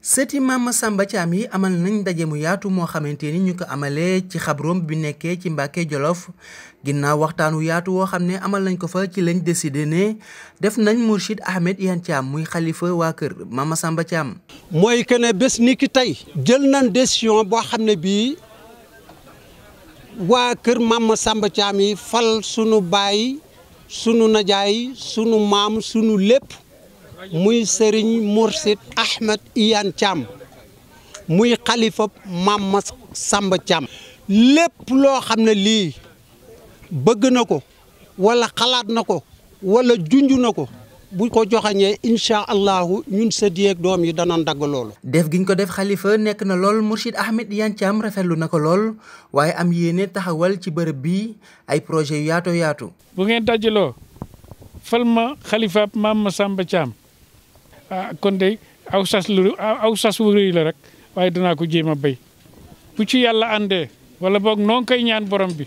sëti maam Masamba Caam yi amal nañ ndaje mu yaatu moo xamante ni ñu ko amalee ci xabroom bi nekkee ci Mbàkke Jolof ginnaaw waxtaanu yaatu woo xam ne amal nañ ko fa ci lañ décider ne def nañ Mourchid Ahmed Iyane Thiam muy xalifa waa kër maam Masamba Caam mooy que ne bés ni tey jël nañ décision boo xam ne bii waa kër maam Masamba Caam yi fal sunu baay sunu najaay suñu maam suñu lépp muy sëriñ Mourchid Ahmed Iyane Thiam muy xalifa Maam Mas Samba Thiam lépp loo xam ne lii bëgg na ko wala xalaat na ko wala junj na ko bu ko joxañee incha allahu ñun sa diyeeg doom yi dana dagg loolu. def giñ ko def xalifa nekk na lool Mourchid Ahmed Iyane Thiam rafetlu na ko lool waaye am yéene taxawal ci bërëb bi ay projet yaato yaatu. bu ngeen dajaloo fal ma xalifa maam Masamba Thiam ah kon de aw sas lu aw sas wu rëy la rek waaye danaa ko jéem a bay bu ci yàlla àndee wala boog noo ngi koy ñaan borom bi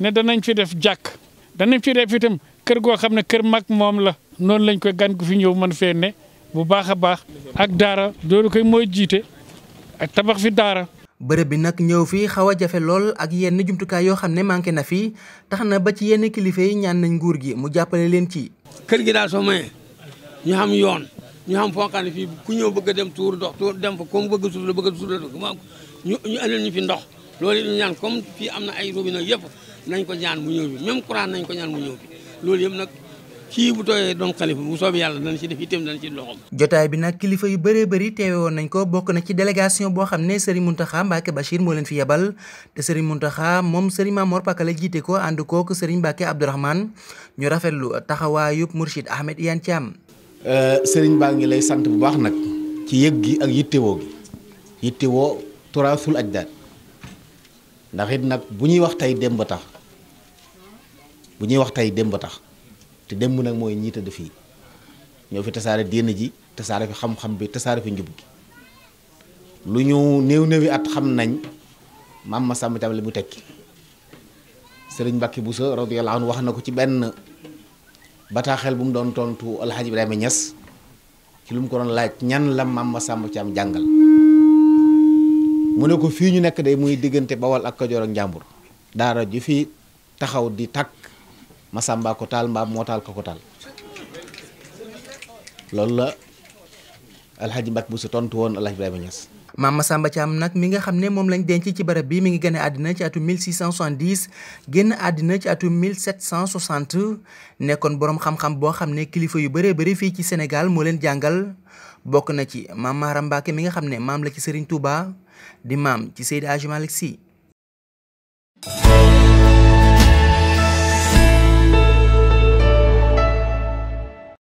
ne danañ fi def jàkk danañ fi def itam kër goo xam ne kër mag moom la noonu lañ koy gan gu fi ñëw man fee ne bu baax a baax ak daara loolu koy mooy jiite ak tabax fi daara. bërëb bi nag ñëw fi xaw a jafe lool ak yenn jumtukaay yoo xam ne manqué na fii tax na ba ci yenn kilifa yi ñaan nañ nguur gi mu jàppale leen ci. kër gi daal soo ñu xam yoon ñu xam fonkaan ku ñëw bëgg dem tuur ndox tuur dem fa comme bëgg suuf bëgg suuf la ndox loolu ñu ñaan comme ay yëpp nañ ko ñaan mu ñëw nañ ko ñaan yëpp nag kii bu tooyee doon xalifa yàlla dana ci def itam dana bi nag kilifa yu bëree bëri teewe woon nañ ko bokk na ci délégation boo xam ne Serigne Mountakha Mbacké Bachir moo leen fi yebal te Serigne Mountakha moom Serigne Mamor Pakala jiite ko ànd kook Serigne Mbacké Abdourahmane ñu rafetlu taxawaayub Mourchid Ahmed Iyane Thiam. Euh, sëriñ baa ngi lay sant bu baax nag ci yëg gi ak yittewoo gi yittewoo turaasul ajdaad ndax it nag bu ñuy wax tey démb tax bu ñuy wax tey démb tax te démb nag mooy ñi tëdd fii ñoo fi tasaare diine ji tasaare fi xam-xam bi tasaare fi njub gi lu ñu néew néewi at xam nañ maam ma sàmm tam li mu tekki sëriñ Mbàkke Buso radiyallaahu anhu wax na ko ci benn bataaxel bu mu doon tontu Alxaaji Ibrahima Niass ci lu mu ko doon laaj ñan la maam Masamba Thiam jàngal mu ne ko fii ñu nekk day muy diggante Bawol ak Kajoor ak Njàmbur daara ji fi taxaw di tàkk Masamba ko taal mbaam moo taal ko ko taal loolu la Alxaaji Mbàkke bu si tontu woon Alxaaji Ibrahima Niass maam Masamba Thiam nag mi nga xam ne moom lañ denc ci barab bi mi ngi gane àddina ci atum 1670 génn àddina ci atum 1760 nekkoon boroom xam-xam boo xam ne kilifa yu bëree bëri fii ci Sénégal moo leen jàngal bokk na ci maam Maram Mbacke mi nga xam ne maam la ci Serigne Touba di maam ci Seydi Hadji Malick Sy